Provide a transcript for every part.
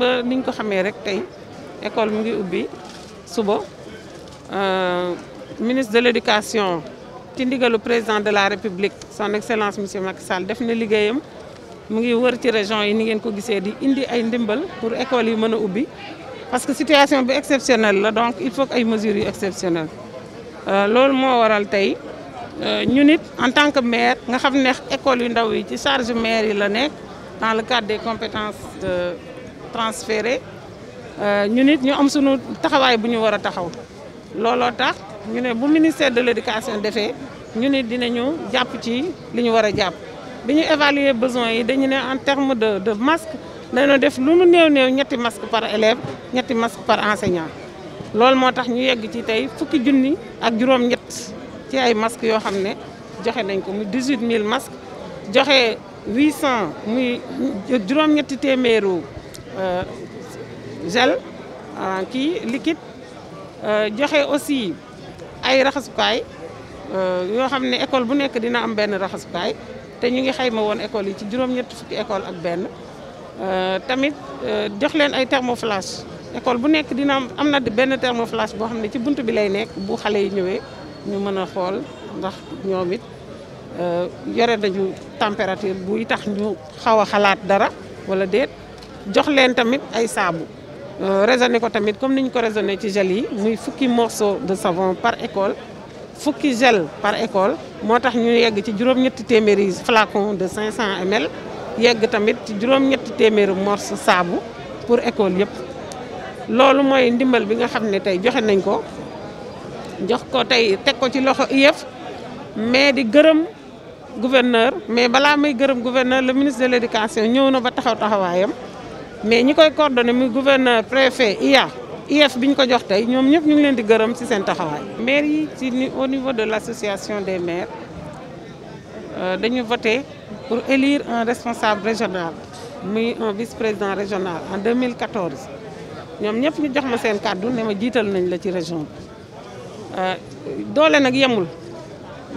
ba niñ ko xamé rek tay école mu ngi ubbi suba euh ministre de l'éducation ci ndigalu président de la république son excellence monsieur Macky Sall def na liggéeyam mu ngi wër ci région yi ni ngeen ko gisee di indi ay ndimbal pour école yi mëna ubbi parce que situation bi exceptionnelle la donc il faut que ay mesures yu euh lool mo waral tay euh, ñu nit en tant que maire nga xamné école yu ndaw yi ci charge maire yi la nekk dans le cadre des compétences de transféré euh, ñu nit ñu am sunu taxawaay bu ñu war a taxaw looloo tax ñu ne bu ministère de l'éducation defee ñu nit dinañu jàpp ci li ñu war a jàpp bi ñu évaluer besoin yi dañu ne en terme de de masque dañoo def lu mu néew néew ñetti masque par élève ñetti masque par enseignant loolu moo tax ñu yegg ci tey fukki junni ak juróom-ñett ci ay masques yoo xam ne joxe nañ ko muy mille masques joxe 800 muy juróom-ñetti téeméeru Euh, gel euh, ki liquide euh, joxe aussi ay raxasukaay yoo xam ne école bu nekk dina am benn raxasukaay te ñu ngi xayma woon école yi ci juróom-ñett fukki école ak benn tamit jox leen ay thermoflash école bu nekk dina am am na benn thermoflash boo xam ne ci bunt bi lay nekk bu xale ñëwee ñu mën a xool ndax ñoom it yore dañu température buy tax ñu xaw a xalaat dara wala déet jox leen tamit ay saabu euh, raisonné ko tamit comme ni ko raisonné ci gel yi muy fukki morceau de savon par école fukki gel par école moo tax ñu yegg ci juróom-ñetti téeméeri flacon de 500 ml yegg tamit ci juróom-ñetti téeméeri morceau saabu pour école yëpp. loolu mooy ndimbal bi nga xam ne tey joxe nañ ko jox ko tey teg ko ci loxo IEF mais di gërëm gouverneur mais bala may gërëm gouverneur le ministre de l'éducation ñëw na ba taxaw taxawaayam. mais ñi koy coordonné muy gouverneur préfet IA IF biñ ko jox tay ñom ñep ñu ngi leen di gërëm ci seen taxaway maire yi ci au niveau de l'association des maires euh dañu voter pour élire un responsable régional muy un vice-président régional en 2014 ñom ñep ñu jox ma seen kàddu ne ma jiital nañ la ci région euh doole nak yamul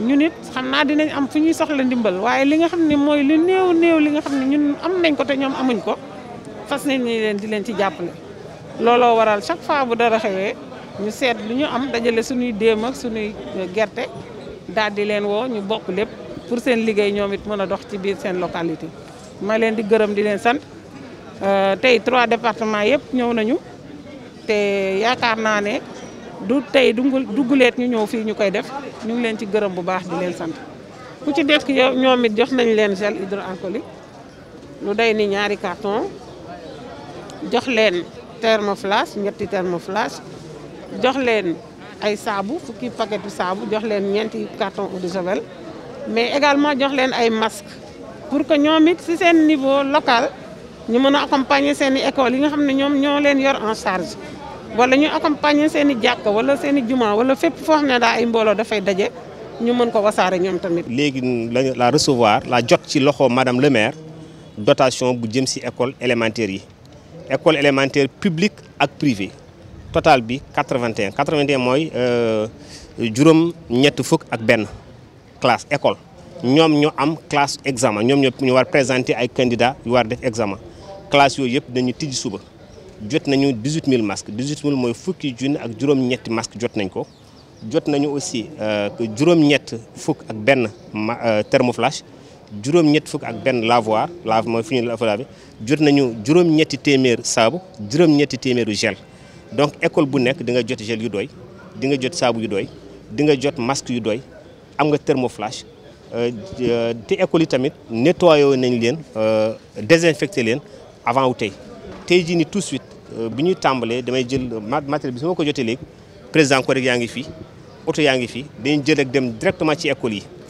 ñun it xam naa dinañ am fu ñuy soxla ndimbal waye li nga xamni moy mooy lu neew néew li nga xamni ñun am nañ ko te ñom amuñ ko fas nii leen di leen ci jàppale looloo waral chaque fois bu dara xewee ñu seet lu ñu am dajale suñuy démag suñuy gerte daal di leen woo ñu bokk lépp pour seen liggéey ñoom it mën a dox ci biir seen localité ma leen di gërëm di leen sant euh, tey trois départements yëpp ñëw nañu te yaakaar naa ne du tey dugguleet ñu ñëw fii ñu koy def ñu ngi leen ci gërëm bu baax di leen sant ku ci nekk ñoom jox nañ leen gel hydroalcoolique lu day ni ñaari carton jox leen thermoflash ñetti thermoflash jox leen ay sabu, fukki paquetu sabu. jox leen ñeenti carton eau de javel mais également jox leen ay masques pour que ñoom it si seen niveau local ñu mën a accompagner seen i écoles yi nga xam ne ñoom ñoo yor en charge wala ñu accompagner seen i jàkka wala seen i juma wala fépp foo xam ne daa ay mbooloo dafay daje ñu mën ko wasaare ñoom tamit. léegi la recevoir la jot ci loxo madame le maire dotation bu jëm si école élémentaire yi école élémentaire publique ak privée total bi 81 81 mooy djourum euh, ñett fuk ak ben classe école Ñom ñu am classe examen ñom ñëpp ñu war présenter ay candidats yu war def examen classe yooyu yëpp dañu tidi suba jot nañu 18000 masques 18000 moy fukki junni ak djourum ñetti masque jot nañ ko jot nañu aussi djourum euh, ñett fuk ak ben thermoflash juróom-ñett fukk ak benn lavoir lave mooy fu ñu la bi jot nañu juróom-ñetti téeméer saabu juróom-ñetti téeméeru gel donc école bu nekk di nga jot gel yu doy di nga jot saabu yu doy di nga jot masque yu doy am nga thermoflash euh, euh, te école yi tamit nettoyé nañ leen euh, désinfecté leen avant wu tey tey jii ni tout de suite bi ñuy tàmbalee damay jël matériel bi su ma ko jotee léegi président ko rek yaa ngi fi oto yaa ngi fi dañ jël rek dem directement ci école yi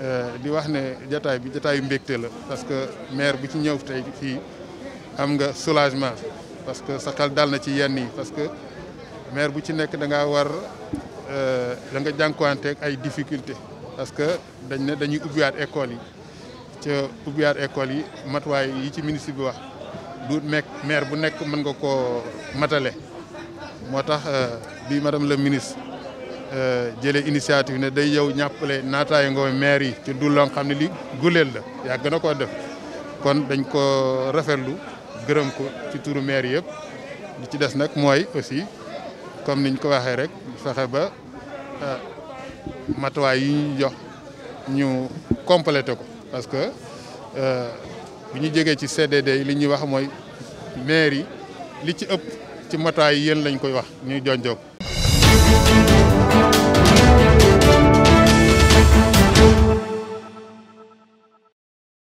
Euh, di wax ne jataay bi jataay mbégte la parce que maire bu ci ñëw tey fii am nga soulagement parce que sa xel dal na ci yenn yi parce que maire bu ci nekk da ngaa war euh, da nga jànkuwanteeg ay difficulté parce que dañ ne dañuy ubbiwaat école yi ca ubbiwaat école yi matuwaay yi ci ministre bi wax du nekk maire bu nekk mën nga koo matale moo tax euh, bi madame la ministre Euh, jële initiative ne day yow ñàppale naataayu ngoo maire yi ci dul loo xam ne li guleel la yàgg na koo def kon dañ ko rafetlu gërëm ko ci turu maire yëpp li ci des nag mooy aussi comme niñ ko waxee rek fexe ba euh, matuwaay yi ñu jox ñu complété ko parce que euh, bu ñu jógee ci CDD li ñuy wax mooy maire yi li ci ëpp ci matuwaay yi yéen lañ koy wax ñuy jonjoog